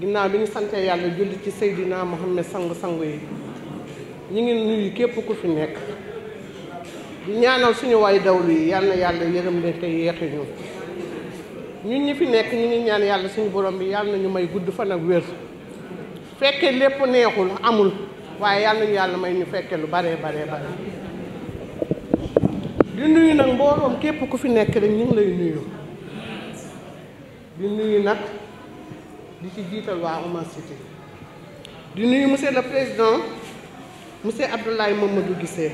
ginnaaw bi ñu santee yàlla julli ci Seydina Muhammad sangu-sangu yi ñu ngi nuyu képp ku fi nekk di ñaanal suñu waay dawlu yi yàlla yàlla yërëm leen te yeexi ñu ñun ñi fi nekk ñu ngi ñaan yàlla suñu borom bi yàlla nañu may gudd fan ak wér fekke lépp neexul amul waaye yàlla nañu yàlla may ñu fekke lu baree baree bare di nuyu nag mbooloom képp ku fi nekk rek ñu lay nuyu di nuyu nag di ci jiital waa di nuyu monsieur le président monsieur Abdoulaye Mamadou Guissé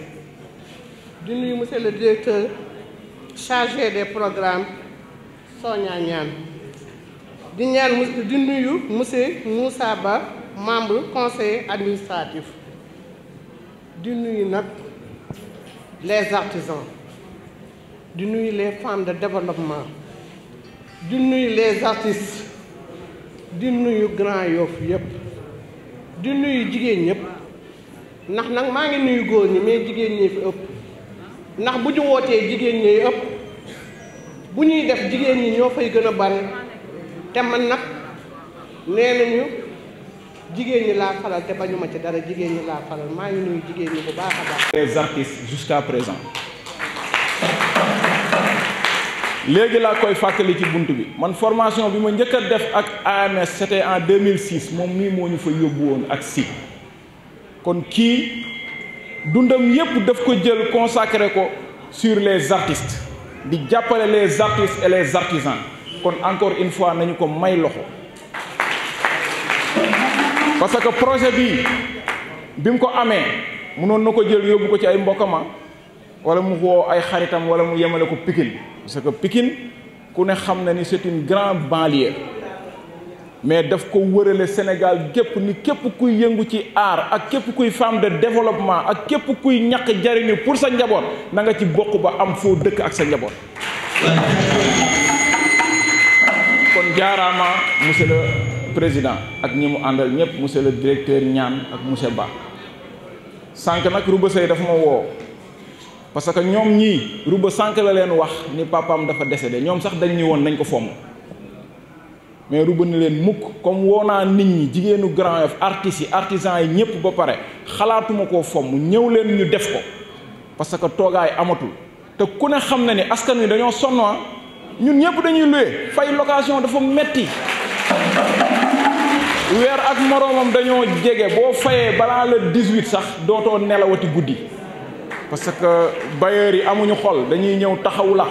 di nuyu monsieur le directeur chargé des programmes Sonia Niane di ñaan di nuyu monsieur Moussa Ba membre conseil administratif di nuyu nag les artisans di nuyu les femmes de développement di nuyu les artistes di nuyu Grand Yoff yëpp di nuyu jigéen ñëpp ndax nag maa ngi nuyu góor ñi mais jigéen ñi fi ëpp ndax bu ñu wootee jigéen ñi ëpp bu ñuy def jigéen ñi ñoo fay gën a bare te man nag nee nañu jigéen ñi laa faral te bañuma ci dara jigéen ñi laa faral maa ngi nuyu jigéen ñi bu baax a baax. les artistes présent. léegi laa koy fàttali ci bunt bi man formation bi ma njëkk def ak AMS c'était en 2006 moom mii moo ñu fa yóbbu woon ak si kon kii dundam yépp daf ko jël consacré ko sur les artistes di jàppale les artistes et les artisans kon encore une fois nañu ko may loxo parce que projet bi bi mu ko amee mënoon na ko jël yóbbu ko ci ay mbokkama ah. wala mu woo ay xaritam wala mu yemale ko pikin parce que Pikine ku ne xam na ni c'est une grande banlieue mais daf ko wërale Sénégal gépp ni képp kuy yëngu ci aar ak képp kuy femme de développement ak képp kuy ñaq jariñu pour sa njaboot na nga ci bokk ba am foo dëkk ak sa njaboot kon jaaraama monsieur le président ak ñi mu àndal ñëpp monsieur le directeur ñaan ak monsieur Ba sànq nag Rouba Seye dafa ma woo parce que ñoom ñii ruba sànq la leen wax ni papaam dafa dese décédé ñoom sax dañu ñu woon nañ ko fomm mais ruba ni leen mukk comme woo naa nit ñi jigéenu Grand Yoff artistes yi artisans yi ñëpp ba pare xalaatuma koo fomm ñëw leen ñu def ko parce que toogaay amatul te ku ne xam ne ni askan wi dañoo sonn ah ñun ñëpp dañuy loué fay location dafa metti weer ak moroomam dañoo jege boo fayee balaa la 18 sax dootoo nelawati guddi parce que bailleurs yi amuñu xol dañuy ñëw taxaw la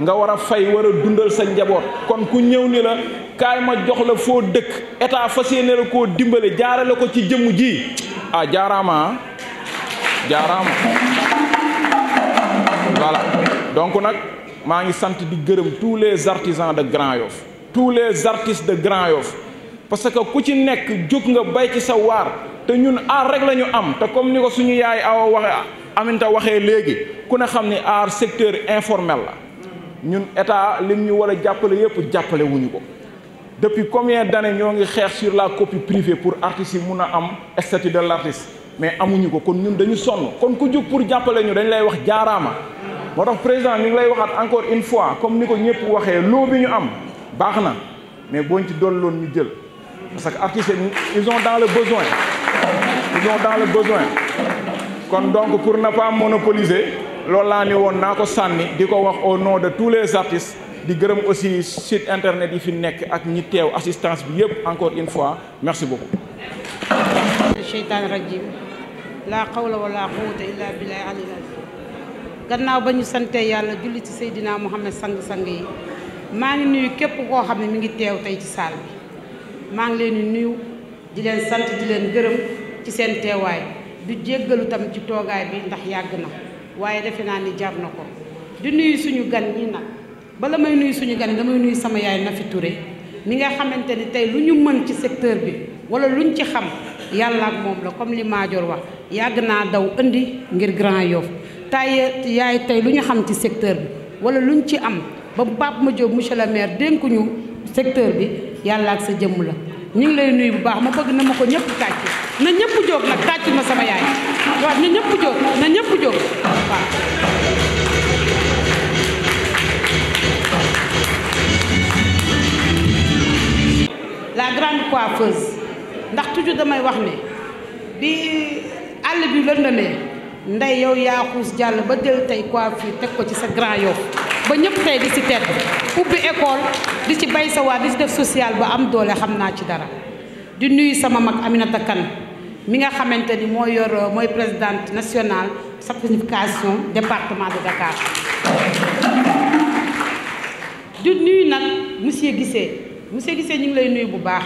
nga war a fay war a dundal sa njaboot kon ku ñëw ni la kaay ma jox la foo dëkk état fas yéene la koo dimbale jaarale ko ci jëmm ji ah jaaraama ah jaaraama voilà donc nag maa ngi sant di gërëm tous les artisans de Grand Yoff tous les artistes de Grand Yoff parce que ku ci nekk jóg nga bay ci sa waar te ñun aar rek la ñu am te comme ni ko suñu yaay awa waxe Aminta waxee léegi ku ne xam ni aar secteur informel la ñun état lim ñu war a jàppale yëpp jàppale wuñu ko depuis combien d'années ñoo ngi xeex sur la copie privée pour artistes yi mun a am statut de l'artiste mais amuñu ko kon ñun dañu sonn kon ku jug pour jàppale ñu dañu lay wax jaaraama moo tax président ñu ngi lay waxaat encore une fois comme ni ko ñëpp waxee loo bi ñu am baax na mais booñ ci doon loon ñu jël parce que artistes yi ils ont dans le besoin ils ont dans kon donc pour ne pas monopoliser loolu laa ne woon naa ko sànni di ko wax au nom de tous les artistes di gërëm aussi site internet yi fi nekk ak ñi teew assistance bi yëpp encore une fois merci beaucoup cheytaan rajim laa xawla wala quwwata illaa billahi alil azim gannaaw ba ñu sante yàlla julli ci Seydina Muhammad sang-sang yi maa ngi nuyu képp koo xam ne mu ngi teew tey ci saal bi maa ngi leen di nuyu di leen sant di leen gërëm ci seen teewaay du jéggalu tam ci toogaay bi ndax yàgg na waaye defe naa ni jar na ko di nuyu suñu gan ñi nag bala may nuyu suñu gan damay nuyu sama yaay Nafi Touré mi nga xamante ni tey lu ñu mën ci secteur bi wala luñ ci xam yàlla ak la comme li Madior wax yàgg naa daw indi ngir Grand Yoff tay yaay tey lu ñu xam ci secteur bi wala luñ ci am ba Pape Madiop monsieur le maire dénkuñu secteur bi yàlla ak sa jëmm la ñu ngi lay nuyu bu baax ma bëgg na ma ko ñëpp tàcc na ñëpp jóg nag tàcc ma sama yaay waaw ñu ñëpp jóg na ñëpp jóg la grande coiffeuse ndax toujours damay wax ne bi àll bi lëndamee ndey yow yaa jàll ba jël tey coiffure teg ko ci sa grand yow ba ñëpp tey di ci tedd ubbi école di ci bay sa waa di ci def social ba am doole xam naa ci dara di nuyu sama mag Aminata Kane mi nga xamante ni moo yor euh, mooy présidente nationale certification département de dakaar du nuyu nag monsieur Guissé monsieur Guissé ñu ngi lay nuyu bu baax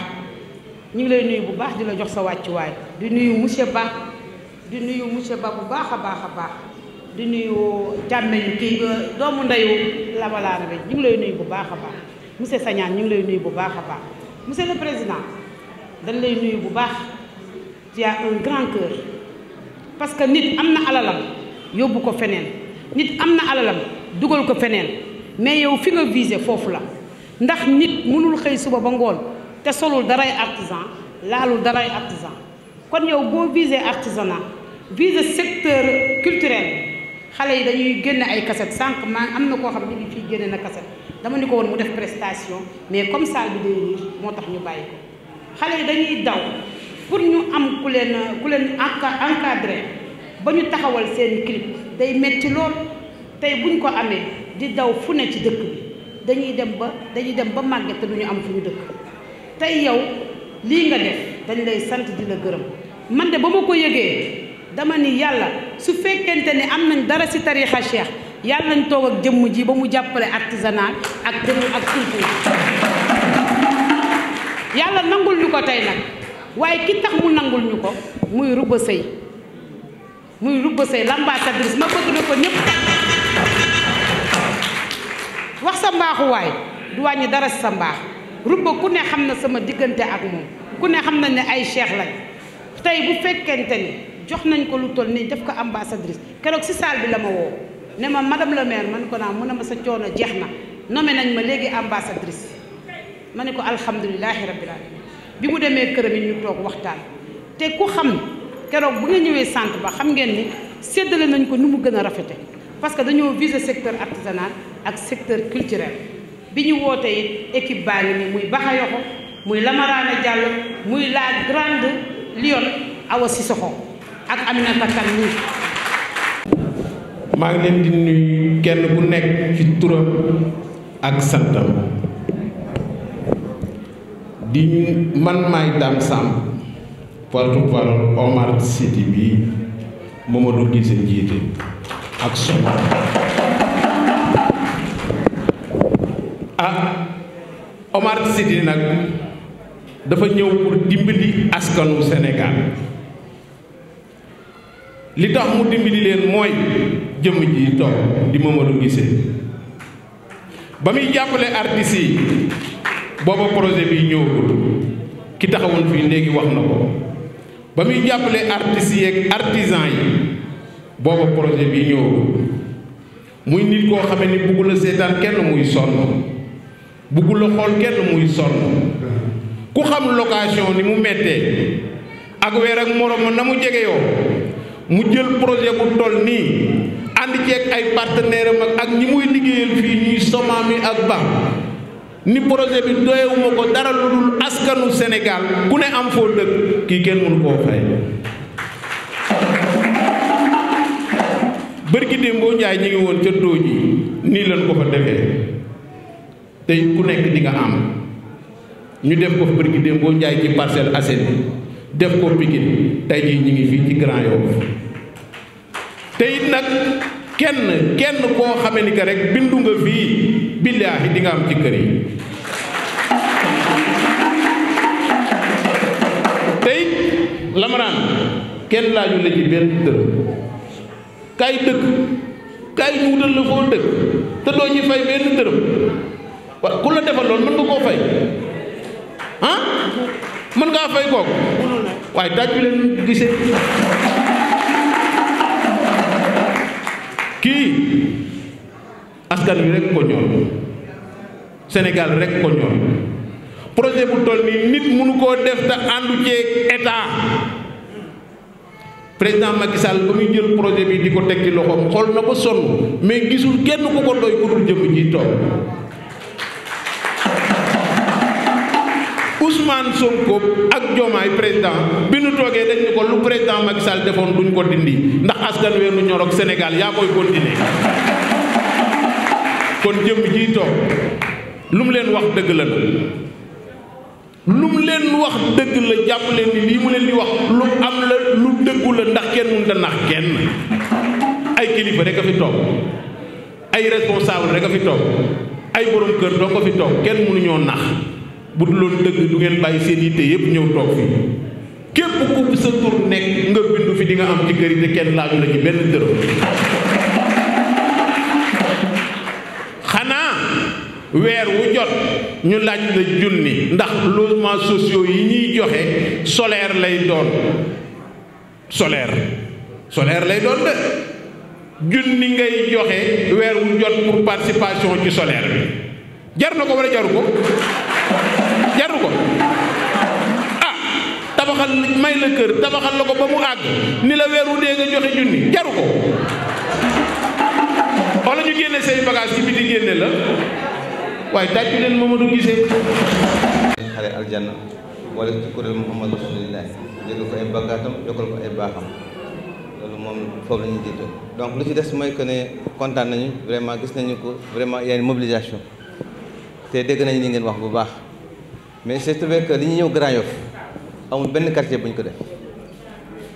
ñu ngi lay nuyu bu baax di la jox sa wàccuwaay di nuyu monsieur Ba di nuyu monsieur Ba bu baax a baax a baax di nuyu jàmmeñu kii doomu ndeyu labalaana bi ñu ngi lay nuyu bu baax a baax monsieur Sagnane ñu ngi lay nuyu bu baax a baax monsieur le président dañ lay nuyu bu baax y a parce que nit am na alalam yóbbu ko feneen nit am na alalam dugal ko feneen mais yow fi nga visé foofu la ndax nit mënul xëy suba ba ngoon te solul daray artisan laalul daray artisan kon yow boo visé artisanat visé secteur culturel xale yi dañuy génne ay cassette sànq maa am na koo xam ne ngi fii génne na cassette dama ni ko woon mu def prestation mais comme salle bi day moo tax ñu bàyyi ko xale yi dañuy daw pour ñu am ku leen ku leen encadré ba ñu taxawal seen clip day metti lool tey buñ ko amee di daw fu ne ci dëkk bi dañuy dem ba dañuy dem ba màgget te duñu am fu ñu dëkk tey yow lii nga def dañ lay sant di la gërëm man de ba ma ko yëgee dama ni yàlla su fekkente ni am nañ dara ci tariixa cheikh yàlla nañ toog ak jëmm ji ba mu jàppale artisanat ak jëmm ak culture yàlla nangul ñu ko tey nag waaye ki tax mu nangul ñu ko muy Rouba Seye muy Rouba Seye l'ambassadrice ma bëgg na ko ñëpp wax sa mbaaxuwaay du wàññi dara sa mbaax Rouba ku ne xam na sama diggante ak moom ku ne xam na ne ay cheikh lañ tey bu fekkente ni jox nañ ko lu toll nii def ko ambassadrice keroog si salle bi la ma wow ne ma madame le maire man ko naa mu ne ma sa coono jeex na nommé nañ ma léegi ambassadrice ma ne ko alhamdulilahi rabbil alamin bi mu demee këram yi ñu toog waxtaan te ku xam keroog bu nga ñëwee sant ba xam ngeen ni séddale nañ ko nu mu gën a rafete parce que dañoo viser secteur artisanal ak secteur culturel bi ñu wootee it équipe baa ngi ni muy Bakhayokho muy Lamarana Diallo muy la grande lionne Awa Sissoko ak Aminata Kane nii maa ngi leen di kenn bu nekk ci turam ak santam di ñu man maay Dame Samb porte-parole Omar City bi Mamadou Guissé njiite ak suma ah, Omar City nag dafa ñëw pour dimbali askanu Sénégal li tax mu dimbali leen mooy jëmm ji toog di Mamadou Guissé ba muy jàppale artistes booba projet bi ñëwagul ki taxawul fii léegi wax na ko ba muy jàppale artistes yeeg artisans yi booba projet bi ñëwagul muy nit koo xamee ni bëggul a seetaan kenn muy sonn bëggul a xool kenn muy sonn ku xam location ni mu mettee ak weer ak moroom na mu jege yoo mu jël projet bu toll nii ànd ceeg ay partenaire am ak ñi muy liggéeyal fii ñuy somaam mi ak ba ni projet bi doyewuma ko dara lu dul askanu Sénégal ku ne am foo dëkk kii kenn mënu koo fay bërki démboo njaay ñi ngi woon ca dóoj yi nii lañ ko fa defee tey ku nekk dinga am ñu def ko bërki démboo njaay ci Parcelles Assainies def ko Pikine tey jii ñu ngi fii ci Grand Yoff te it nag kenn kenn koo xame ni que rek bindu nga fii billaahi di nga am ci kër yi lamaraan kenn laaju la ci benn dërëm kaay dëkk kaay ñu wutal la foo dëkk te doo ci fay benn dërëm wa ku la loolu mën nga koo fay ah mën ngaa fay kooku waaye tàccu leen gisee kii askan wi rek ko ñor Sénégal rek ko ñor projet bu toll nii nit mënu koo def te àndu ceeg état président Macky Sall ba muy jël projet bi di ko teg ci loxoom xool na ko sonn mais gisul kenn ko ko doy ku dul jëmm ji toog Ousmane Sonko ak Diomaye président bi nu toogee dañ ko lu président Macky Sall defoon duñ ko dindi ndax askan weenu ñor ak Sénégal yaa koy continuer kon jëmm ji toog lu mu leen wax dëgg la na lu mu leen wax dëgg la jàppale leen ni lii mu leen di wax lu am la lu dëggu la ndax kenn mënut a nax kenn ay kilifa rek a fi toog ay responsable rek a fi toog ay borom kër doo ko fi toog kenn mënuñoo nax bu duloon dëgg du ngeen bàyyi seen yi yitte yépp ñëw toog fi képp ku sa tur nekk nga bindu fi dinga nga am ci kër yi te kenn laaju la ci benn dërëm weer wu jot ñu laaj la junni ndax logements sociaux yi ñuy joxe solaire lay doon solaire solaire lay doon de junni ngay joxe weer wu jot pour participation ci solaire bi jar na ko wala jaru ko jaru ko ah, tabaxal may la kër tabaxal la ko ba mu àgg ni la weer wu dee nga joxe junni jaru ko wala ñu génne say bagage ci biti génne la waaye tàccu leen Mamadou Guissé xale aljanna wala ci kuréel Muhammad rasulillah jéggal ko ay bakkaatam yokkal ko ay baaxam loolu moom foofu la ñuy jiitoo donc lu ci def des mooy que ne kontaan nañu vraiment gis nañu ko vraiment y a une mobilisation te li ngeen wax bu baax mais c'est vrai que li ñuy ñëw Grand Yoff amul benn quartier bu ñu ko def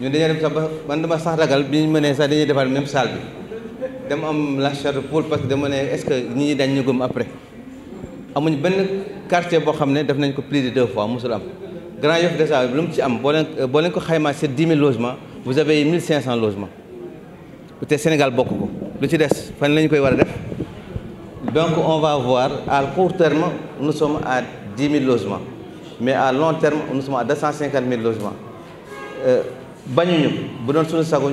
ñun dañoo dem sax ba man dama sax ragal bi ñu mënee sax dañuy defar même salle bi dama am la chair de poule parce que dama ne est-ce que ñi ñi dañ ñu gëm après amuñu benn quartier boo xam ne def nañ ko plus de deux fois mosul am Grand Yoff déjà lu mu ci am boo leen boo leen ko xaymaa c'est dix mille logements vous avez mille cinq cent logements te Sénégal bokk ko lu ci des fan lañu koy war a def donc on va voir à court terme nous sommes à dix mille logements mais à long terme nous sommes de deux cent cinquante mille logements euh, bañuñu bu doon suñu sago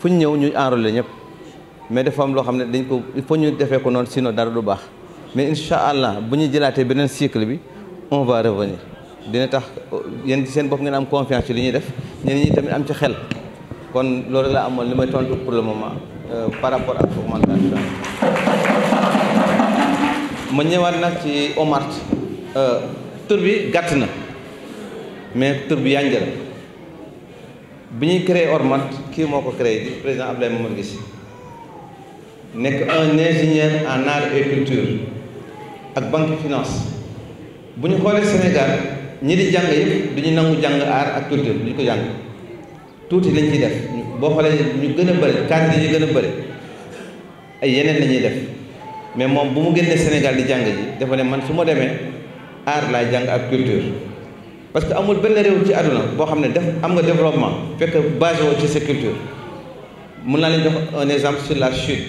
fu ñu ñëw ñu enrôler ñëpp mais dafa am loo xam ne dañ ko il faut ñu defee ko noonu sinon dara du baax mais incha allah bu ñuy jëlaatee beneen cycle bi on va revenir dina tax yéen seen bopp ngeen am confiance ci li ñuy def ñenn ñi tamit am ci xel kon loolu la amoon li may tontu pour le moment euh, par rapport ak augmentation ma ñëwaat nag ci Omart euh, tur bi gàtt na mais tur bi yànj la bi ñuy créé Omart kii moo ko créé di président Abdoulaye Momar Guissé nekk un ingénieur en art et culture ak banque finance bu ñu xoolee Sénégal ñi di jàng yëpp du ñu nangu jàng aar ak culture du ñu ko jàng tuuti lañu ciy def boo xoolee ñu gën a bëri cadre yi gën a bëri ay yeneen la def mais moom bu mu génnee Sénégal di jàng ji dafa ne man su ma demee aar laay jàng ak culture parce que amul benn réew ci àdduna boo xam ne def am nga développement fekk basé woo ci sa culture mun naa leen jox un exemple sur la Chine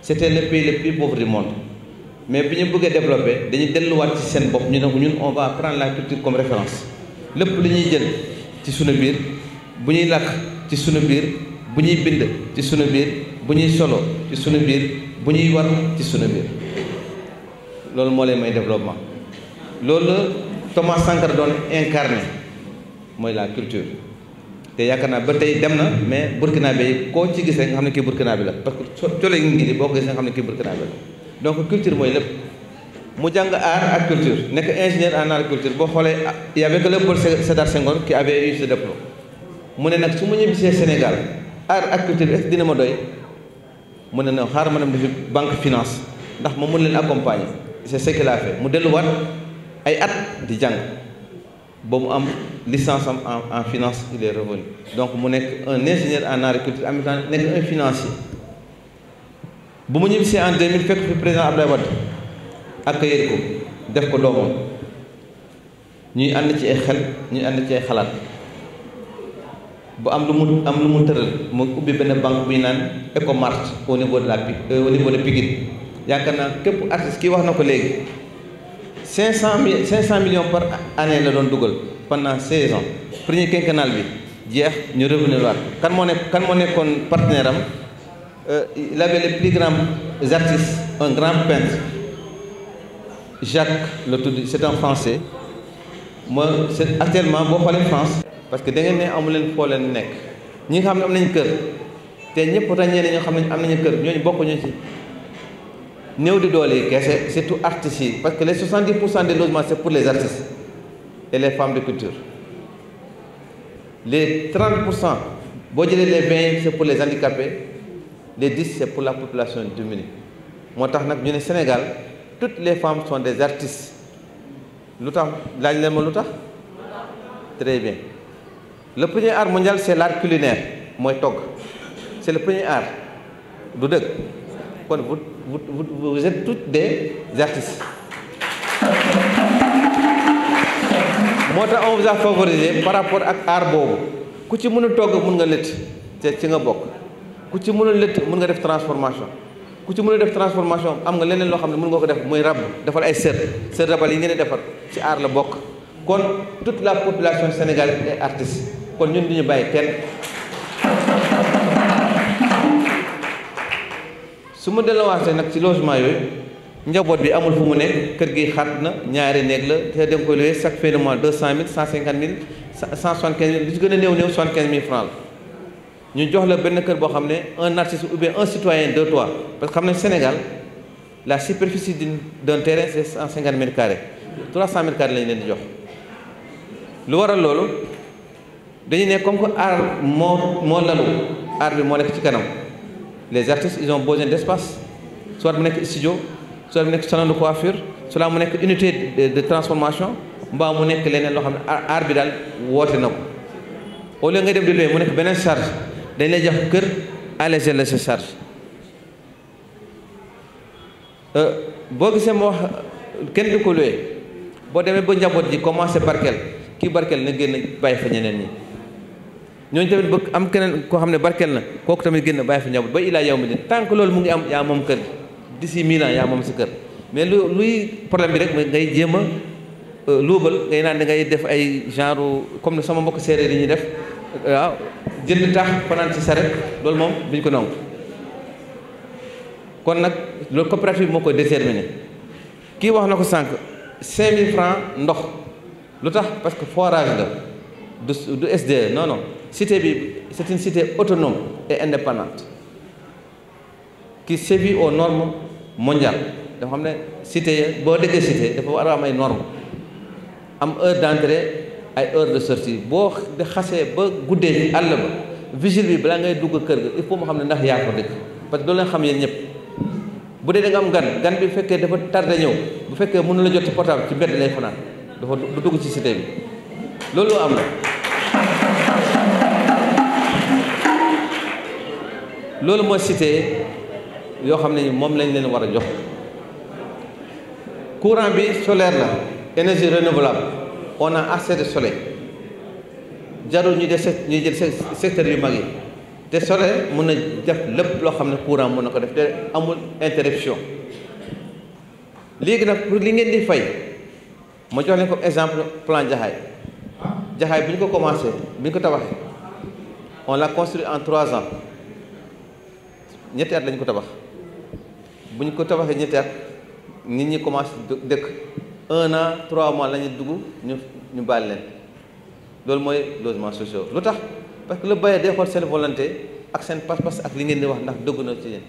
c'était le pays le plus pauvre du mais bi ñu bëggee développé dañuy delluwaat ci seen bopp ñu ne ñun on va prendre la culture comme référence lépp lu ñuy jël ci sunu biir bu ñuy làkk ci sunu biir bu ñuy bind ci sunu biir bu ñuy solo ci sunu biir bu ñuy war ci sunu biir loolu moo leen may développement loolu Thomas Sankara doon incarné mooy la culture te yaakaar naa ba tey dem na mais burkinabé yi koo ci gis rek nga xam ne kii burkinabé la parce que soo colee ngi boo ko nga xam ne kii burkinabé la donc culture mooy lépp mu jàng art ak culture nekk ingénieur en art culture boo xoolee y avait que le Paul Sédar Senghor qui avait eu ce mu ne nag su ma ñibbisee Sénégal art ak culture est dina ma doy mu ne na xaar ma dem defi banque finance ndax ma mun leen accompagner c'est ce qu'il a fait mu delluwaat ay at di jàng ba mu am licence am en en finance il est revenu donc mu nekk un ingénieur en agriculture en même temps nekk un financier bu mu ñibbisee en 2000 fekk fi président Abdoulaye Wade accueillir ko def ko doomam ñuy ànd ci ay xel ñuy ànd ci ay xalaat bu am lu mu am lu mu tëral mu ubbi benn banque bu ñu naan Ecomart au niveau de la euh, au niveau de Pikine yaakaar naa képp artiste kii wax na ko léegi cinq cent mille cent millions par année la doon dugal pendant seize ans premier quinquennal bi jeex ñu revenir waat kan moo nekk kan moo nekkoon partenaire am Euh, il le les plus grands artistes un grand peintre Jacques la tudd c'est un français ma c'est actuellement boo xoolee France parce que da ngeen ne amu leen foo leen nekk ñi nga xam ne am nañ kër te ñëpp ràññee na ñoo xam ne am nañu kër ñooñu bokkuñu ci néew di doolee yi kese surtout artistes yi parce que les 70 pour cent des logements c'est pour les artistes et les femmes de culture les 30 pour cent boo jëlee les 20 c'est pour les handicapés les 10 c'est pour la population démunie moo tax nag ñu ne Sénégal toutes les femmes sont des artistes lu tax laaj leen ma lu tax très bien le premier art mondial c'est l'art culinaire mooy togg c'est le premier art du dëgg kon vous vous vous êtes toutes des artistes moo tax on vous a favorisé par rapport ak art boobu ku ci mën a togg mën nga lëtt ci nga bokk ku ci mën a lëtt mën nga def transformation ku ci mën def transformation am nga leneen loo xam ne mën nga ko def mooy rab defal ay sër sër rabal yi ngeen di ci aar la bokk kon toute la population sénégalaise est artiste kon ñun duñu bàyyi kenn su ma delluwaatee nag ci logement yooyu njaboot bi amul fu mu nekk kër gi xat na ñaari néeg la te da koy loué chaque fin deux cent mille cent cinquante quinze mille li ci gën a néew néew soixante la ñu jox la benn kër boo xam ne un artiste ou bien un citoyen de toi parce que xam ne Sénégal la superficie d'un terrain c'est cent cinquante mètres carrés trois cent mètres carrés lañu leen di jox lu waral loolu dañu ne comme que art moo moo lalu art bi moo nekk ci kanam les artistes ils ont besoin d'espace soit mu nekk studio soit mu nekk salon de coiffure soit mu nekk unité de transformation mbaa mu nekk leneen loo xam ne art bi daal woote na ko au lieu nga def di louer nekk beneen charge dañ lay jox kër alléger la sa charge euh, boo gisee ma wax kenn du ko luwee boo demee ba njaboot ji commencé barkeel kii barkeel na génn bàyyi fa ñeneen ñi ñooñu tamit bëgg am keneen koo xam ne barkeel na kooku tamit génn bàyyi fa njaboot ba ilaa yow mi di tant que loolu mu ngi am yaa moom kër d'ici mille ans yaa moom sa kër mais lu luy problème bi rek mooy ngay jéem a euh, luubal ngay naan da ngay def ay genre comme ne sama mbokk séeréer yi ñuy def waaw jënd tax fanaan ci saret loolu moom duñ ko nangu kon nag loolu coopérative moo koy déterminé kii wax na ko sànq cinq mille francs ndox lu tax parce que forage la du du SDE non non cité bi c'est une cité autonome et indépendante qui sévit aux normes mondiales dafa xam ne cité ya boo déggee cité dafa war a am ay normes am heure d'entrée ay heure de sorti boo xasee ba guddee àll ba vigile bi balaa ngay dugg kër ga il faut mu xam ne ndax yaa ko dëkk parce que doo leen xam yéen ñëpp bu dee da nga am gan gan bi fekkee dafa tardé ñëw bu fekkee mënu la jot ci portable ci mbedd lay fanaan dafa du dugg ci cité bi loolu loo am na loolu mooy cité yoo xam ne moom lañ leen war a jox courant bi solaire la énergie renouvelable on a assez de soleil jarul ñu def ñu jël secteur yu mag yi te soleil mun na def lépp loo xam ne courant mun na ko def te amul interruption léegi nag pour li ngeen di fay ma jox leen comme exemple plan Jaxaay Jaxaay bi ñu ko commencé bi ñu ko tabaxee on l'a construit en trois ans ñetti at lañ ko tabax bu ñu ko tabaxee ñetti at nit ñi commencé dëkk un an trois mois la ñu dugg ñu ñu baal leen loolu mooy logements sociaux lu tax parce que le bailleur day xool seen volonté ak seen pas-pas ak li ngeen di wax ndax dëgg na ci yéen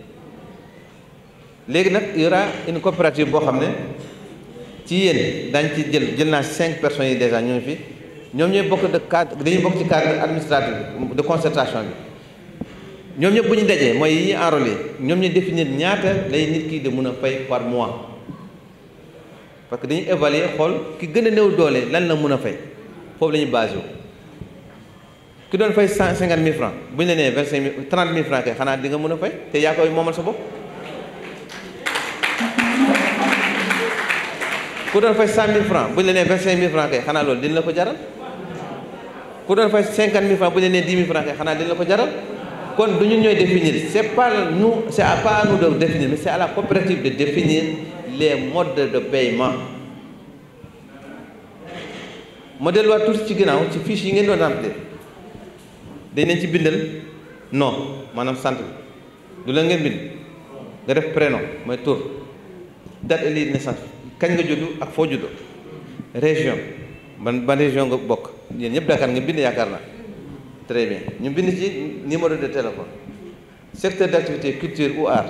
léegi nag il y une coopérative boo xam ne ci yéen dañ ci jël jël naa cinq personnes yi déjà ñu ngi fi ñoom ñooy bokk de cadre dañuy bokk ci cadre administratif de concertation bi ñoom ñëpp bu ñu dajee mooy yi ñu enrôlé ñoom ñu définir ñaata lay nit kii di mun a fay par mois parce que dañu évaluer xool ki gën a néew doole lan la mun a fay foofu la ñuy basé wu ki doon fay cent cinquante mille francs bu ñu la nee vingt cinq mille trente mille kay xanaa di nga mën a fay te yaa koy moomal sa bopp. ku doon fay cent mille francs bu xanaa loolu dina la ko jaral ku doon fay cinquante mille francs bu ñu la nee dix mille kay xanaa dina la ko jaral. kon du ñu ñooy définir c'est pas nous c'est pas à nous de définir mais c'est à la coopérative de définir les modes de paiement ma delluwaat tuuti ci ginnaaw ci fiche yi ngeen doon remplir dañ leen ci bindal no maanaam sant bi du la ngeen bind nga def prénom mooy tur date et lieu kañ nga juddu ak foo juddu région ban ban région nga bokk yéen ñëpp Dakar nga bind yaakaar naa très bien ñu bind ci numéro de téléphone secteur d' activité culture ou art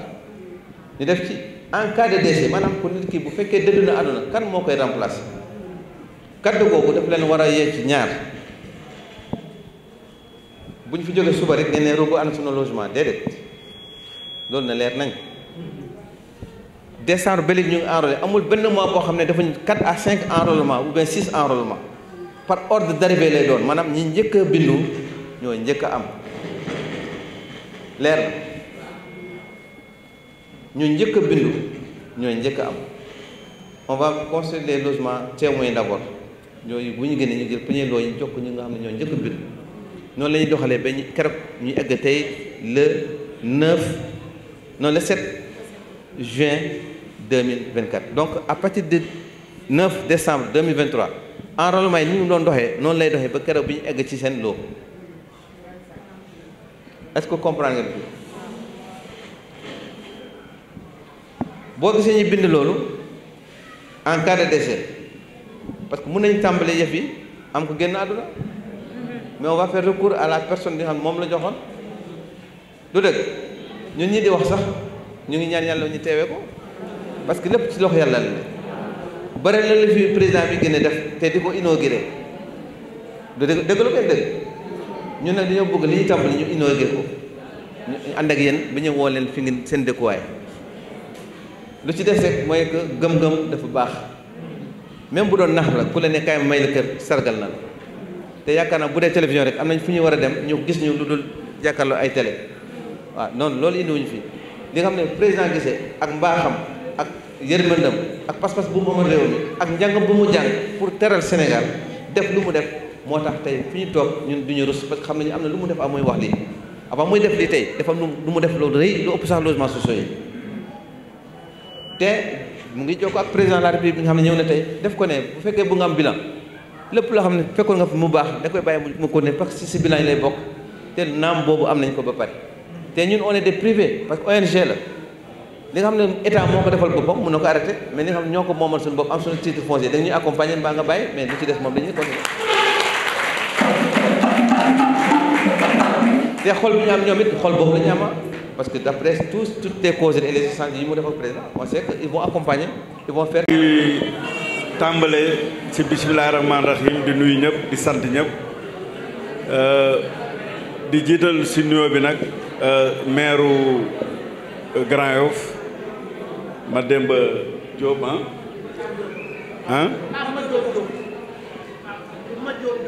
ñu def ci en cas de décès maanaam ku nit ki bu fekkee dëddu na àdduna kan moo koy remplacer kaddu googu daf leen war a yee ci ñaar bu ñu fi jógee suba rek ngeen ne rogo ana sunu déedéet loolu na leer nañ décembre ba léegi ñu ngi amul benn mois boo xam ne dafa ñu a à 5 enrôlement ou bien 6 enrôlement par ordre d'arrivée lay doon maanaam ñi njëkk a bindu ñoo njëkk a am leer na njëkk a bindu ñoo njëkk a am on va construire les logements témoins d'abord ñooyu bu ñu génnee ñu jël premier loo yi ñu nga xam ne ñoo njëkk a bindu noonu la ñuy doxalee ñu keroog ñu egg tey le 9 non le 7 juin 2024 donc à partir de 9 décembre 2023 enrôlement yi ni mu doon doxee noonu lay doxee ba keroog bi ñu egg ci seen loo est-ce que comprendre nga bi boo gisee ñu bind loolu en cas de décès parce que mun nañu tàmbale yëf yi am ko génn àdduna mm-hmm. mais on va recours à la personne bi nga xam moom la joxoon du dëgg ñun ñi di wax sax ñu ngi ñaan yàlla ñu teewe ko parce que lépp ci loxo yàlla la bare la li fi président bi gën def te di ko inauguré du dëgg dëgg lu koy dëgg ñu nag dañoo bëgg li ñuy tàmbali ñu inauguré ko ñu ànd ak yéen ba ñu woo leen fi ngeen seen dëkkuwaay lu ci def rek mooy que gëm-gëm dafa baax même bu doon nax la ku la ne kaay may la kër sargal na la te yaakaar naa bu dee télévision rek am nañ fu ñu war a dem ñu gis ñu lu dul jàkkaarloo ay télé waaw noonu loolu indiwuñu fi li xam ne président gisee ak mbaaxam ak yërmandam ak pas-pas bu mu amal réew mi ak njàngam bu mu jàng pour teral Sénégal def lu mu def. moo tax tey fi ñu toog ñu du ñu rus parce que xam nañu am na lu mu def am muy wax lii avant muy def lii tey dafa am lu mu def loolu rëy lu ëpp sax logement sociaux yi te mu ngi jokkoo ak président ne tey def ko ne bu fekkee bu nga am bilan loo xam ne fekkoon nga mu baax da koy bàyyi mu que si si bilan yi lay bokk te naam boobu am nañ ko ba pare te ñun on est des parce que ONG la li nga xam ne état moo ko defal boppam mën na ko arrêté mais li nga xam ne ñoo ko moomal am suñu titre foncier dañuy accompagner mbaa nga bàyyi mais lu ci des moom dañuy continuer te xol bi ñu am ñoom it xol boobu la ñu am parce que d'après tous toutes les causes et les échanges yi mu def ak président on sait que ils vont accompagner ils vont faire. di tàmbale ci bisimilah rahmaani rahim di nuyu ñëpp di sant ñëpp euh, di jiital si nuyoo bi nag euh, maire euh, Grand Yoff Mademba Diop ah.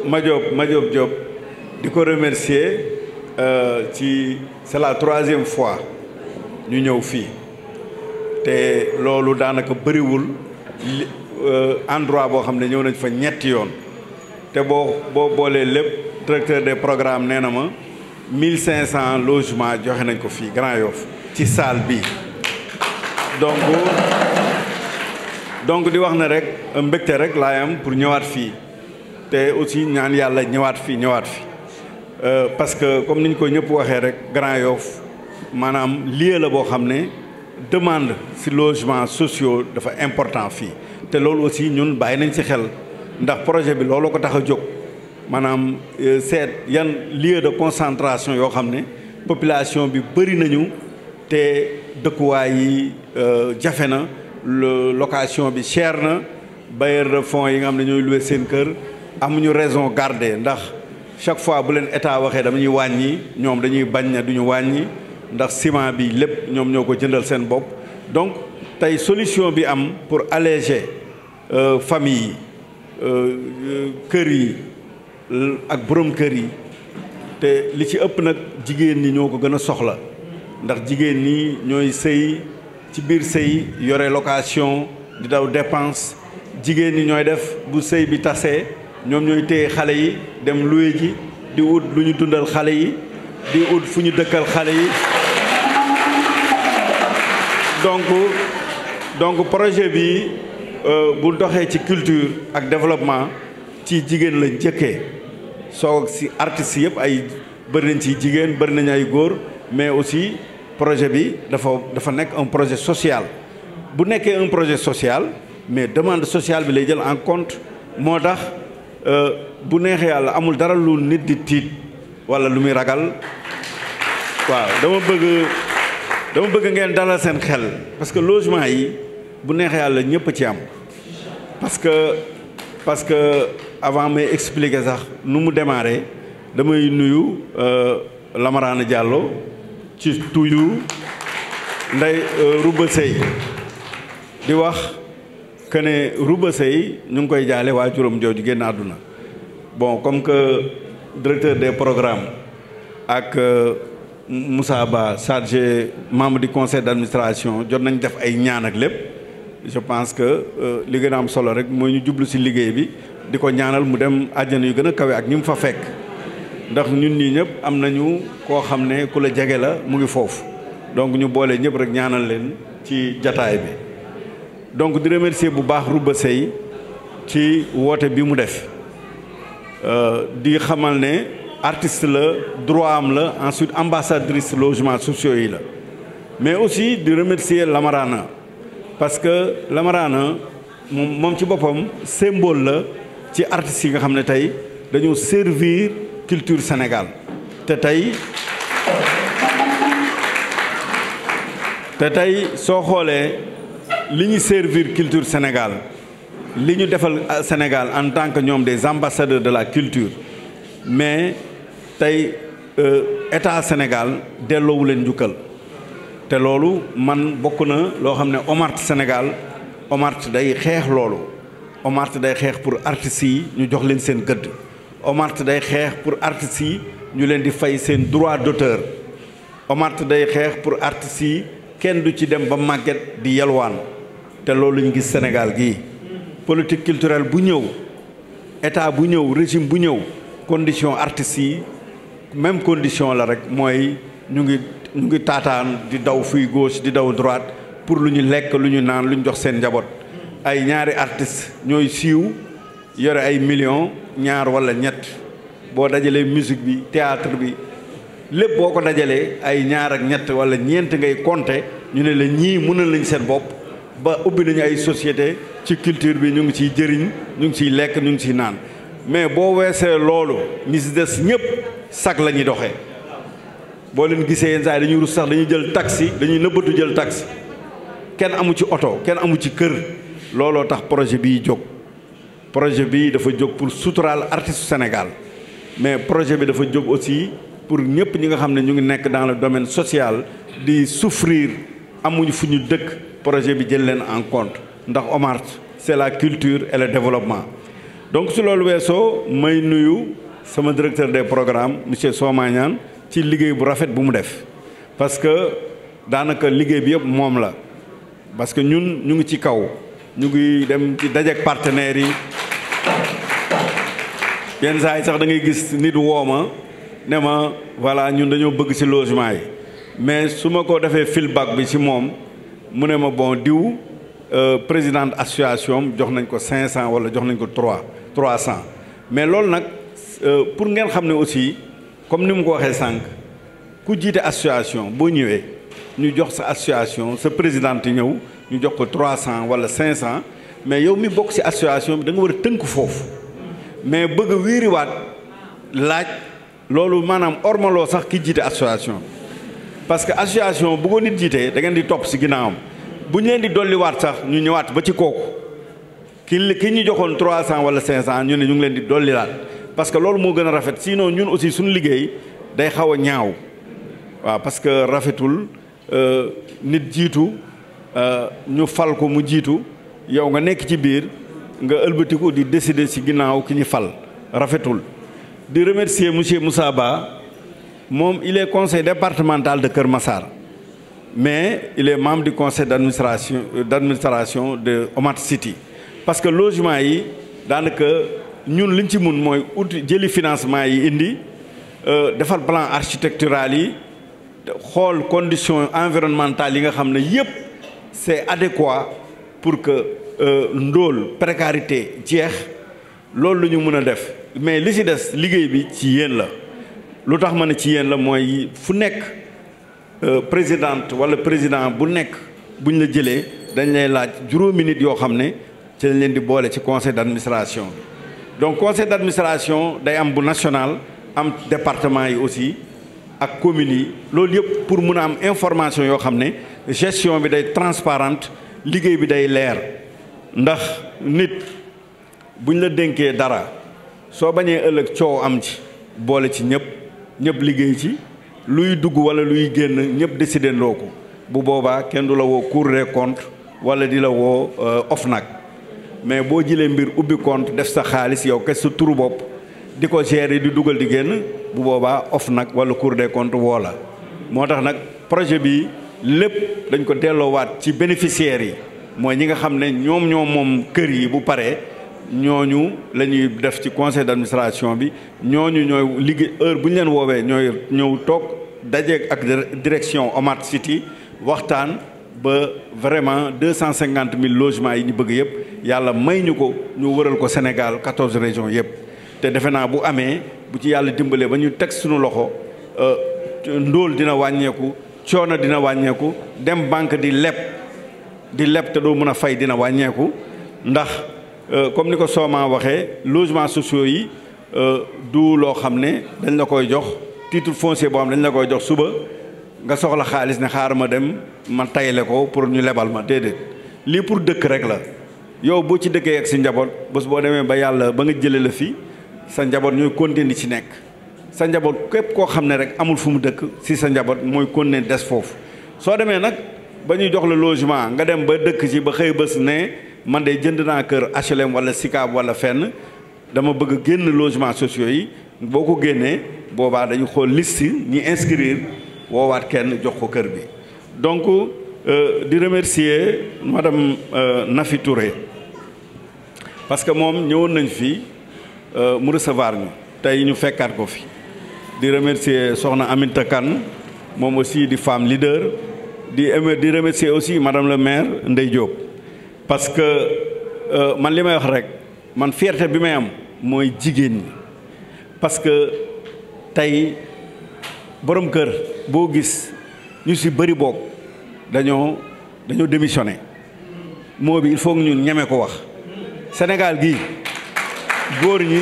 Madiop Madiop Diop di ko remercier. Euh, ci c'est la troisième fois ñu ñëw fii te loolu daanaka bëriwul euh, endroit boo xam ne ñëw nañ fa ñetti yoon te boo boo boolee lépp directeur des programmes nee na ma mille cinq cent logements joxe nañ ko fii Grand yoofu ci salle bi donc donc di wax ne rek mbégte rek laay am pour ñëwaat fii te aussi naan yàlla ñëwaat fii ñëwaat fii Euh, parce que comme ni ñu ko ñëpp waxee rek Grand Yoff maanaam lieu la boo xam ne demande si logement sociaux dafa important fii te loolu aussi ñun bàyyi nañ si xel ndax projet bi loolu ko tax a jóg maanaam euh, seet yan lieu de concentration yoo xam ne population bi bëri nañu te dëkkuwaay yi euh, jafe na location bi chair na bailleur de fonds yi nga xam ne ñooy loué seen kër amuñu raison garder ndax chaque fois bu leen état waxee dama ñuy wàññi ñoom dañuy bañ ne duñu wàññi ndax ciment bi lépp ñoom ñoo ko jëndal seen bopp donc tey solution bi am pour alléger euh, famille yi euh, euh, kër yi ak borom kër yi te li ci ëpp nag jigéen ñi ñoo ko gën a soxla ndax jigéen ñi ñooy sëy ci biir sëy yore location di daw dépense jigéen ñi ñooy def bu sëy bi tasee ñoom ñooy téye xale yi dem luwe ji di ut lu ñu dundal xale yi di ut fu ñu dëkkal xale yi donc donc projet bi euh, bu doxee ci culture ak développement ci jigéen la jëkkee soo si artistes yëpp ay bëri nañ ci jigéen bëri nañ ay góor mais aussi projet bi dafa dafa nekk un projet social bu nekkee un projet social mais demande sociale bi lay jël en contre moo tax Euh, bu neexee yàlla amul dara lu nit di tiit wala lu muy ragal waaw dama bëgg dama bëgg ngeen dalal seen xel parce que logement yi bu neexee yàlla ñëpp a ci am parce que parce que avant may expliquer sax nu mu démarré damay nuyu euh, Lamarana Diallo ci tuyu Ndeye euh, Rouba Seye di wax que ne Rouba ñu ngi koy jaale waa juróom jooju génn àdduna bon comme que directeur des programmes ak euh, Moussa Ba chargé membre du conseil d'administration jot nañ def ay ñaan ak lépp je pense que euh, li gën a am solo rek mooy ñu jublu ci liggéey bi di ko ñaanal mu dem àjjana yu gën a kawe ak ñi mu fa fekk ndax ñun ñii ñëpp am nañu koo xam ne ku la jege la mu ngi foofu donc ñu boole ñëpp rek ñaanal leen ci jataay bi donc di remercier bu baax Rouba Seye ci woote bi mu def euh, di xamal ne artiste la droit am la ensuite ambassadrice logement sociaux yi la mais aussi di remercier Lamarana parce que Lamarana moom moom ci boppam symbole la ci artistes yi nga xam ne tey dañoo servir culture Sénégal te tey te tey soo xoolee li ñu servir culture Sénégal li ñu defal euh, Sénégal en tant que ñoom des ambassadeurs de la culture mais tey euh, état Sénégal delloowu leen njukkal te loolu man bokk na loo xam ne OMART Sénégal OMART day xeex loolu OMART day xeex pour artistes yi ñu jox leen seen gëdd OMART day xeex pour artistes yi ñu leen di fay seen droit d'auteur OMART day xeex pour artistes yi kenn du ci dem ba màgget di yalwaan te loolu ñu gis Sénégal gii politique culturelle bu ñëw état bu ñëw résime bu ñëw condition artistes yi même condition la rek mooy ñu ngi ñu ngi taataan di daw fii gauche di daw droite pour lu ñu lekk lu ñu naan lu ñu jox seen njaboot ay ñaari artist ñooy siiw yore ay millions ñaar walla ñett boo dajalee musique bi théâtre bi lépp boo ko dajalee ay ñaar ak ñett walla ñeent ngay compter ñu ne la ñii mënal lañ seen bopp ba ubbi nañu ay société ci culture bi ñu ngi ciy jëriñ ñu ngi ciy lekk ñu ngi ciy naan mais boo weesee loolu ñi si des ñëpp sag la ñuy doxee boo leen gisee yenn saa yi dañuy rus dañuy jël taxi dañuy nëbbatu jël taxi kenn amu ci oto kenn amu ci kër looloo tax projet bii jóg projet bii dafa jóg pour suturaal artiste Sénégal mais projet bi dafa jóg aussi pour ñëpp ñi nga xam ne ñu ngi nekk dans le domaine social di souffrir amuñu fu ñu dëkk projet bi jël leen en compte ndax OMART c'est la culture et le développement donc su loolu weesoo may nuyu sama directeur des programme monsieur Soma ci liggéey bu rafet bu mu def parce que daanaka liggéey bi yëpp moom la parce que ñun ñu ngi ci kaw ñu ngi dem ci dajeek partenaires yi yenn saa yi sax da ngay gis nit woo ma ne ma voilà ñun dañoo bëgg ci logement yi mais su ma ko defee feedback bi ci moom mu ne ma bon diw euh, présidente association jox nañ ko cinq cent wala jox nañ ko trois trois cent mais loolu nag euh, pour ngeen xam ne aussi comme ni mu ko waxee sànq ku jiite association boo ñëwee ñu jox sa association sa présidente ñëw ñu jox ko trois cent wala cinq cent mais yow mi bokk ci association bi da war a tënk foofu mais bëgg a laaj loolu maanaam ormaloo sax ki jiite association parce que association bu ko nit jiitee dangeen di topp si ginnaawam bu ñu leen di dolliwaat sax ñu ñëwaat ba ci kooku ki ki ñu joxoon trois cent wala cinq cent ñu ne ñu ngi leen di dollilaat parce que loolu moo gën a rafet sinon ñun aussi suñu liggéey day xaw a ñaaw waaw parce que rafetul euh, nit jiitu euh, ñu fal ko mu jiitu yow nga nekk ci biir nga ëlbatiku di décider si ginnaaw ki ñu fal rafetul di remercier monsieur Moussa Ba moom il est conseil départemental de Kër Massar mais il est membre du conseil d'administration euh, d'administration de Omat City parce que logement yi daanaka ñun liñ ci mun mooy ut jëli financement yi indi euh, defar plan architectural yi xool conditions environnementales yi nga xam ne yépp c'est adéquat pour que euh, ndóol précarité jeex loolu lu ñu mun a def mais li si des liggéey bi ci yéen la lu tax ma ne ci yéen la mooy fu nekk euh, présidente wala président bu nekk buñ la jëlee dañ lay laaj juróomi nit yoo xam ne ci lañ leen di boole ci conseil d'administration bi donc conseil d'administration day am bu national am département yi aussi ak communes yi loolu yëpp pour mun a am information yoo xam ne gestion bi day transparente liggéey bi day leer ndax nit buñ la dénkee dara soo bañee ëllëg coow am ci boole ci ñëpp ñëpp liggéey ci luy dugg wala luy génn ñëpp décidé ndoo ko bu boobaa kenn du la woo Cour des comptes wala di la woo euh, nag mais boo jëlee mbir ubbi compte def sa xaalis yow kes sa turu bopp di ko gérer di dugal di génn bu boobaa nag wala Cour de contre woo la moo tax nag projet bi lépp dañ ko delloowaat ci bénéficiaires yi mooy ñi nga xam ne ñoom ñoom moom kër yi bu paree ñooñu la ñuy def ci conseil d'administration bi ñooñu ñooy liggéey heure bu ñu leen woowee ñooy ñëw toog daje ak direction Omart City waxtaan ba vraiment deux cent cinquante mille logements yi ñu bëgg yëpp yàlla may ñu ko ñu wëral ko Sénégal quatorze régions yëpp te defe naa bu amee bu ci yàlla dimbalee ba ñu teg suñu loxo euh, ndóol dina wàññeeku coono dina wàññeeku dem banque di leb di leb te doo mën a fay dina wàññeeku ndax Euh, comme ni ko Soomaa waxee logements sociaux yi euh, du loo xam ne dañ la koy jox tiitul foncier boo xam ne dañ la koy jox suba nga soxla xaalis ne xaar ma dem ma tayle ko pour ñu lebal ma déedéet lii pour dëkk rek la yow boo ci dëkkee ak si njaboot bés boo demee ba yàlla ba nga jëlee la fi sa njaboot ñooy continuer di ci nekk sa njaboot képp koo xam ne rek amul fu mu dëkk si sa njaboot mooy continuer des foofu soo demee nag ba ñu jox la logement nga dem ba dëkk ci ba xëy ne man de jënd naa kër HLM wala SICAB wala fenn dama bëgg génn logement sociaux yi boo ko génnee boobaa dañu xool liste ñi inscrire woowaat kenn jox ko kër bi donc euh, di remercier madame euh, Nafi Touré parce que moom ñëwoon nañ fii euh, mu recevoir ñu tey ñu fekkaat ko fi di remercier soxna amit Kane moom aussi di femme leader di di remercier aussi madame le maire Ndeye parce que euh, man li may wax rek man fierté bi may am mooy jigéen ñi parce que tey borom kër boo gis ñu si bëri boog dañoo dañoo démissionné moo bi il faut ñu ñun ñeme ko wax Sénégal gi góor ñi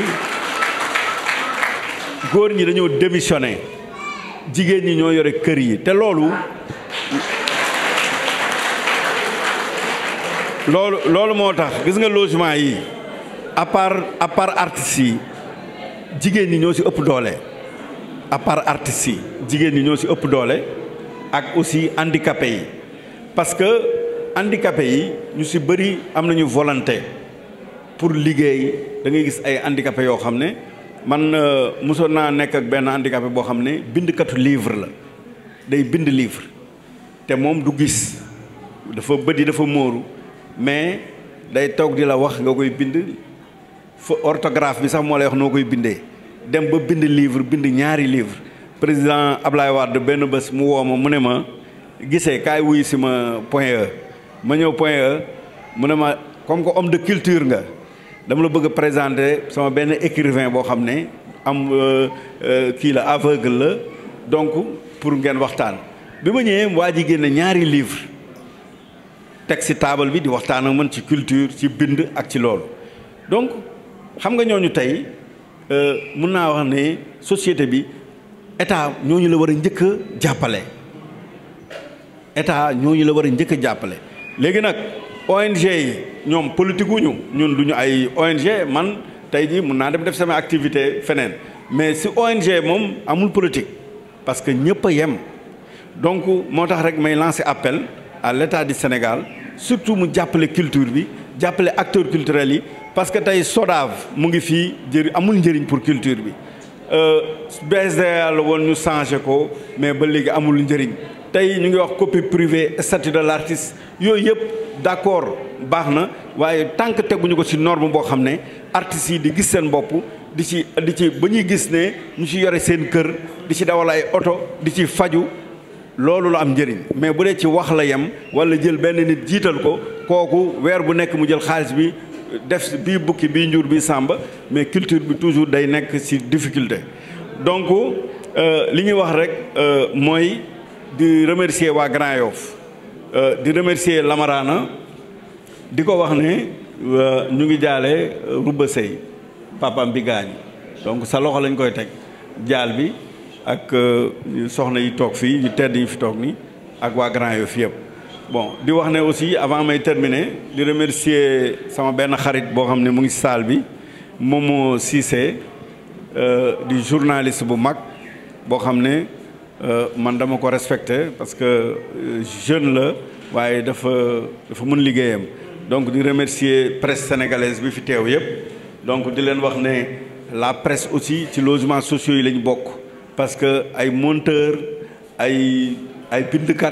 góor ñi dañoo démissionné jigéen ñi ñoo yore kër yi te loolu loolu loolu moo tax gis nga logement yi à part à part artistes yi jigéen ñi ñoo si ëpp doole à part artistes yi jigéen ñi ñoo si ëpp doole ak aussi handicapés yi parce que handicapés yi ñu si bari am nañu volonté pour liggéey da ngay gis ay handicapés yoo xam ne man euh, mosoon naa nekk ak benn handicapé boo xam ne bindkatu livre la day bind livre te moom du gis dafa bëdi dafa móoru mais day toog di la wax nga koy bind fa orthographe bi sax moo lay wax noo koy bindee dem ba bind livre bind ñaari livre président Ablaye Wade benn bës mu woo ma mu ne ma gisee kaay wuyu si ma point E ma ñëw point E mu ne ma comme que homme de culture nga dama la bëgg a présenter sama benn écrivain boo xam ne am euh, euh, kii la aveugle la donc pour ngeen waxtaan bi ma ñëwee waa ji génne ñaari livre teg si taabal bi di waxtaan ak man ci culture ci bind ak ci loolu donc xam nga ñooñu tey euh, mun naa wax ne société bi état ñooñu la war a njëkk a jàppale état ñooñu la war a njëkk jàppale léegi nag ONG yi ñoom politique wuñu ñun du ñu ay ONG man tey jii mun naa dem def sama activité feneen mais si ONG moom amul politique parce que ñëpp a yem donc moo tax rek may lancer appel à l'État du Sénégal surtout mu jàppale culture bi jàppale acteurs culturels yi parce que tey SODAV mu ngi fii jëri amul njëriñ pour culture bi euh, BSDA la woon ñu changé ko mais ba léegi amul njëriñ tey ñu ngi wax copie privée statut de l'artiste yooyu yëpp d'accord baax na waaye tant que teguñu ko ci norme boo xam ne artistes yi di gis seen bopp di ci di ci ba ñuy gis ne ñu ci yore seen kër di ci dawal ay oto di ci faju loolu la am njëriñ mais bu dee ci wax la yem wala jël benn nit jiital ko kooku weer bu nekk mu jël xaalis bi def bi bukki bii njur bi sàmba mais culture bi toujours day nekk ci difficulté donc euh, li ñuy wax rek euh, mooy di remercier waa Grand Yoff euh, di remercier Lamarana di ko wax ne ñu ngi jaale Rouba Sey papam bi gaañ donc sa loxo lañ koy teg jaal bi ak euh, soxna yi toog fii ñu tedd ñu fi toog nii ak waa Grand fi yëpp bon di wax ne aussi avant may terminer di remercier sama benn xarit boo xam ne mu ngi si salle bi Momo Cissé euh, di journaliste bu mag boo xam ne euh, man dama ko respecté parce que jeune la waaye dafa dafa mun liggéeyam donc di remercier presse sénégalaise bi fi teew yëpp donc di leen wax ne la presse aussi ci logement sociaux yi lañ bokk parce que ay monteur ay ay bindkat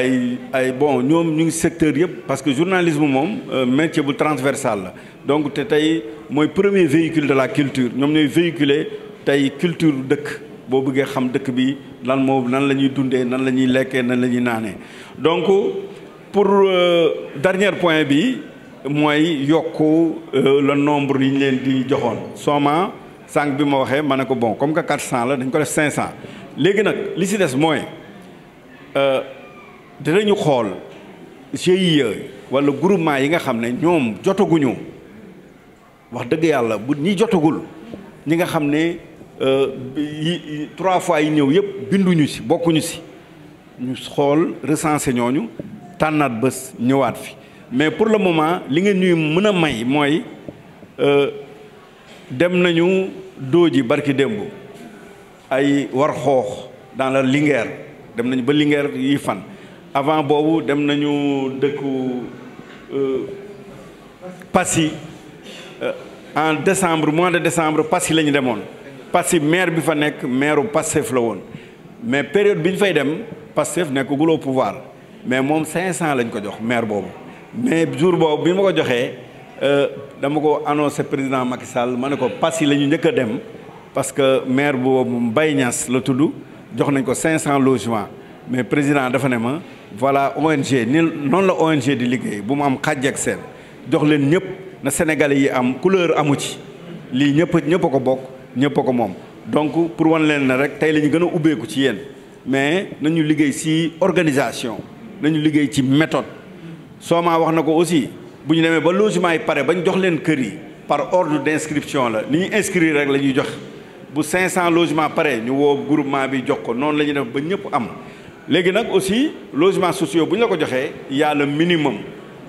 ay ay bon ñoom ñu ngi secteur yëpp parce que journalisme moom euh, métier bu transversal la donc te tey mooy premier véhicule de la culture ñoom ñooy véhiculer tey culture dëkk boo bëggee xam dëkk bi lan moo nan la ñuy dundee nan la ñuy lekkee nan la ñuy naanee donc pour euh, dernier point bi mooy yokk euh, le nombre yi ñu leen di joxoon soma sànq bi ma waxee ma ne ko bon comme que 400 la dañ ko def 500 léegi nag li si des mooy euh, dinañu xool GIE wala groupement yi nga xam ne ñoom jotaguñu wax dëgg yàlla bu ñi jotagul ñi nga xam ne euh, yi trois fois yi ñëw yëpp binduñu si bokkuñu si ñu xool recensé ñooñu tànnaat bés ñëwaat fi mais pour le moment li ngeen ñuy mën a may mooy euh, dem nañu dooji barki démb ay war xoox dans la Linguère dem nañu ba Linguère yi fan avant boobu dem nañu dëkku euh, Passy euh, en décembre mois de décembre Passy la ñu demoon Passy maire bi fa nekk maire u Pastef la woon mais période bi ñu fay dem Pastef nekkagul au pouvoir mais moom cinq 500 lañ ko jox maire boobu mais jour boobu bi ma ko joxee Euh, dama ko annoncé président Macky Sall ma ne ko Passy la ñu njëkk dem parce que maire boobu Mbaye Niass la tudd jox nañ ko cinq 500 logements mais président dafa ne ma voilà ONG ni noonu la ONG di liggéey bu mu am xàjj ak seen jox leen ñëpp na Sénégalais yi am couleur amu ci lii ñëpp ñëpp ko bokk ñëpp ko moom. donc pour wan leen na rek tey la ñu gën a ubbeeku ci yéen mais nañu liggéey si organisation nañu liggéey ci méthode soo maa wax na ko aussi. bu ñu demee ba logement yi pare ba bañ jox leen kër yi par ordre d'inscription la ni ñu inscrire rek lañuy jox bu 500 logements pare ñu woo groupement bi jox ko noonu la ñuy def ba ñëpp am. léegi nag aussi logements sociaux bu ñu la ko joxee yàlla a le minimum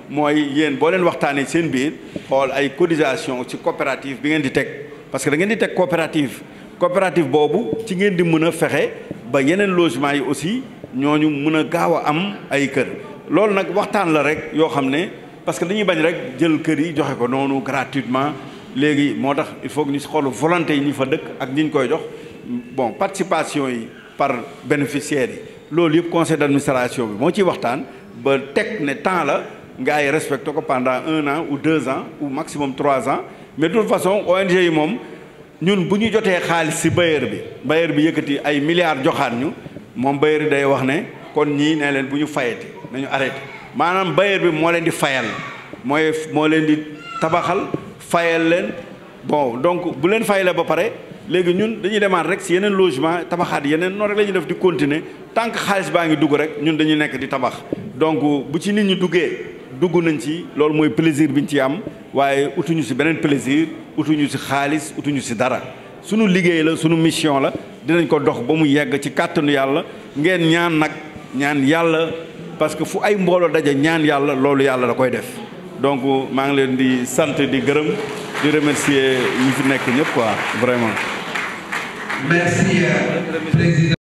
mooy yéen boo leen waxtaanee seen biir xool ay cotisation ci coopérative bi ngeen di teg parce que da ngeen di teg coopérative coopérative boobu ci ngeen di mën a fexe ba yeneen logements yi aussi ñooñu mën a gaaw a am ay kër loolu nag waxtaan la rek yoo xam ne. parce que dañuy bañ rek jël kër yi joxe ko noonu gratuitement léegi moo tax il faut que ñu si xool volonté yi ñu fa dëkk ak ñi ñu koy jox bon participation yi par bénéficiaires yi loolu yëpp conseil d'administration bi moo ciy waxtaan ba teg ne temps la nga ay respecté ko pendant un an ou deux ans ou maximum trois ans mais de toute façon ONG yi moom ñun bu ñu jotee xaalis si bailleur bi bailleur bi yëkkati ay milliards joxaat ñu moom bailleur day wax ne kon ñii nee leen bu ñu fayati nañu arrêté maanaam bailleur bi moo leen di fayal mooy moo leen di tabaxal fayal leen bon donc bu leen fayalee ba pare léegi ñun dañuy demaat rek si yeneen logement tabaxaat yeneen noonu rek la def di continuer tant que xaalis baa ngi dugg rek ñun dañuy nekk di tabax donc bu ci nit ñi duggee dugg nañ ci loolu mooy plaisir bi ñu ci am waaye utuñu si beneen plaisir utuñu si xaalis utuñu si dara sunu liggéey la suñu mission la dinañ ko dox ba mu yegg ci kàttanu yàlla ngeen ñaan nag parce que fu ay mbooloo daje ñaan yàlla loolu yàlla la koy def donc maa ngi leen di sant di gërëm di remercier ñi fi nekk ñëpp quoi vraiment. merci euh,